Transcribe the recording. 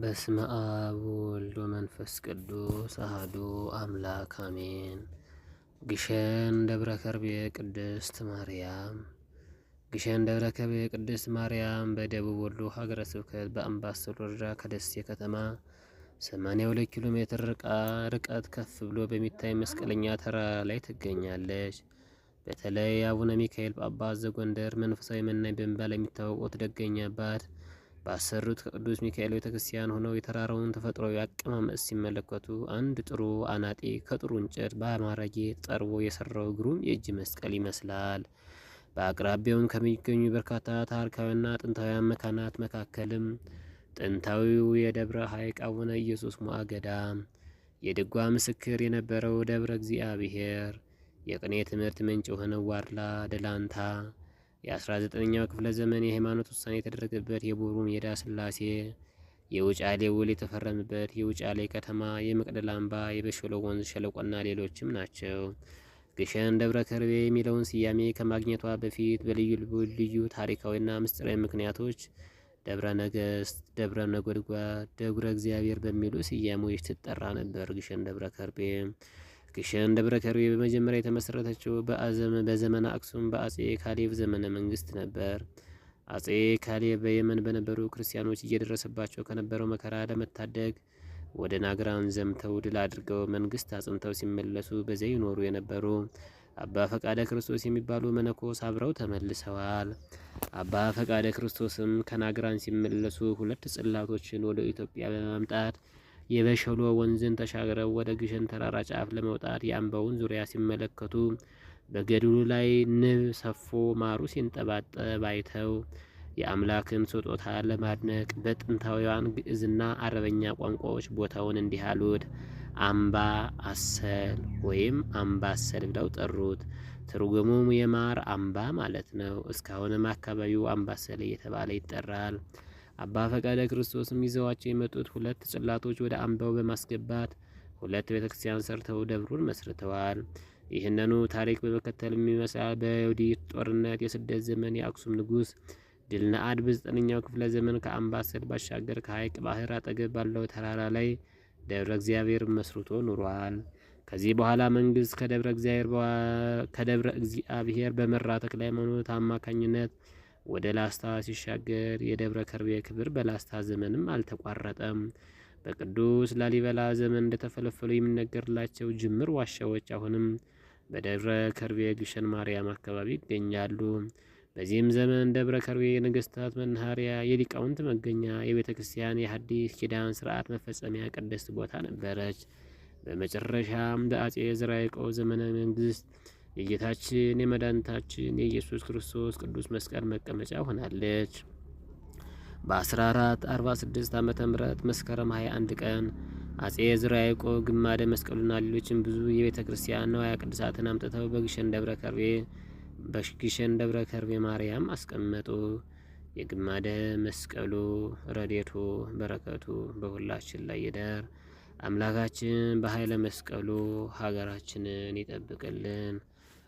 በስመ አብ ወልዶ መንፈስ ቅዱስ አህዶ አምላክ አሜን። ግሸን ደብረ ከርቤ ቅድስት ማርያም ግሸን ደብረ ከርቤ ቅድስት ማርያም በደቡብ ወሎ ሀገረ ስብከት በአምባሰል ወረዳ ከደሴ ከተማ 82 ኪሎ ሜትር ርቀት ከፍ ብሎ በሚታይ መስቀለኛ ተራራ ላይ ትገኛለች። በተለይ አቡነ ሚካኤል ጳጳስ ዘጎንደር መንፈሳዊ መናኝ በመባል የሚታወቁት ደገኛ አባት ባሰሩት ከቅዱስ ሚካኤል ቤተክርስቲያን ሆነው የተራራውን ተፈጥሯዊ አቀማመጥ ሲመለከቱ አንድ ጥሩ አናጤ ከጥሩ እንጨት በአማረ ጌጥ ጠርቦ የሰራው ግሩም የእጅ መስቀል ይመስላል። በአቅራቢያውም ከሚገኙ በርካታ ታሪካዊና ጥንታዊያን መካናት መካከልም ጥንታዊው የደብረ ሐይቅ አቡነ ኢየሱስ ሞዐ የድጓ ምስክር የነበረው ደብረ እግዚአብሔር፣ የቅኔ ትምህርት ምንጭ የሆነው ዋድላ ደላንታ የ19ኛው ክፍለ ዘመን የሃይማኖት ውሳኔ የተደረገበት የቡሩ ሜዳ ስላሴ የውጫሌ ውል የተፈረመበት የውጫሌ ከተማ፣ የመቅደላ አምባ፣ የበሾሎ ወንዝ ሸለቆና ሌሎችም ናቸው። ግሸን ደብረ ከርቤ የሚለውን ስያሜ ከማግኘቷ በፊት በልዩ ልዩ ታሪካዊና ምስጢራዊ ምክንያቶች ደብረ ነገስት፣ ደብረ ነጎድጓድ፣ ደብረ እግዚአብሔር በሚሉ ስያሜዎች ትጠራ ነበር። ግሸን ደብረ ከርቤ ግሸን ደብረ ከርቤ በመጀመሪያ የተመሰረተችው በዘመነ አክሱም በአጼ ካሌብ ዘመነ መንግስት ነበር። አጼ ካሌብ በየመን በነበሩ ክርስቲያኖች እየደረሰባቸው ከነበረው መከራ ለመታደግ ወደ ናግራን ዘምተው ድል አድርገው መንግስት አጽንተው ሲመለሱ በዚያ ይኖሩ የነበሩ አባ ፈቃደ ክርስቶስ የሚባሉ መነኮስ አብረው ተመልሰዋል። አባ ፈቃደ ክርስቶስም ከናግራን ሲመለሱ ሁለት ጽላቶችን ወደ ኢትዮጵያ በማምጣት የበሸሎ ወንዝን ተሻግረው ወደ ግሸን ተራራ ጫፍ ለመውጣት የአምባውን ዙሪያ ሲመለከቱ በገድሉ ላይ ንብ ሰፎ ማሩ ሲንጠባጠብ አይተው የአምላክን ስጦታ ለማድነቅ በጥንታውያን ግዕዝና አረበኛ ቋንቋዎች ቦታውን እንዲህ አሉት። አምባ አሰል ወይም አምባ አሰል ብለው ጠሩት። ትርጉሙም የማር አምባ ማለት ነው። እስካሁንም አካባቢው አምባሰል እየተባለ ይጠራል። አባ ፈቃደ ክርስቶስም ይዘዋቸው የመጡት ሁለት ጽላቶች ወደ አምባው በማስገባት ሁለት ቤተ ክርስቲያን ሰርተው ደብሩን መስርተዋል። ይህንኑ ታሪክ በመከተል የሚመሳ በዮዲት ጦርነት የስደት ዘመን የአክሱም ንጉሥ ድልነአድ በዘጠነኛው ክፍለ ዘመን ከአምባሰል ባሻገር ከሐይቅ ባህር አጠገብ ባለው ተራራ ላይ ደብረ እግዚአብሔር መስርቶ ኑሯል። ከዚህ በኋላ መንግስት ከደብረ እግዚአብሔር በመራ ተክለ ሃይማኖት አማካኝነት ወደ ላስታ ሲሻገር የደብረ ከርቤ ክብር በላስታ ዘመንም አልተቋረጠም። በቅዱስ ላሊበላ ዘመን እንደተፈለፈሉ የሚነገርላቸው ጅምር ዋሻዎች አሁንም በደብረ ከርቤ ግሸን ማርያም አካባቢ ይገኛሉ። በዚህም ዘመን ደብረ ከርቤ የነገስታት መናኸሪያ፣ የሊቃውንት መገኛ፣ የቤተ ክርስቲያን የሐዲስ ኪዳን ስርዓት መፈጸሚያ ቅድስት ቦታ ነበረች። በመጨረሻም በአጼ ዘርዓ ያዕቆብ ዘመነ መንግስት የጌታችን የመድኃኒታችን የኢየሱስ ክርስቶስ ቅዱስ መስቀል መቀመጫ ሆናለች። በ1446 ዓ ም መስከረም 21 ቀን አጼ ዝራ ያዕቆብ ግማደ መስቀሉና ሌሎችም ብዙ የቤተ ክርስቲያን ነዋያ ቅዱሳትን አምጥተው በግሸን ደብረ ከርቤ በግሸን ደብረ ከርቤ ማርያም አስቀመጡ። የግማደ መስቀሉ ረዴቱ በረከቱ በሁላችን ላይ ይደር። አምላካችን በኃይለ መስቀሉ ሀገራችንን ይጠብቅልን።